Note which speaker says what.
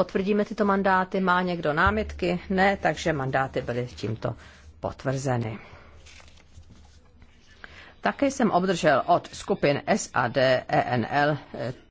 Speaker 1: potvrdíme tyto mandáty. Má někdo námitky? Ne, takže mandáty byly tímto potvrzeny. Také jsem obdržel od
Speaker 2: skupin SAD, ENL,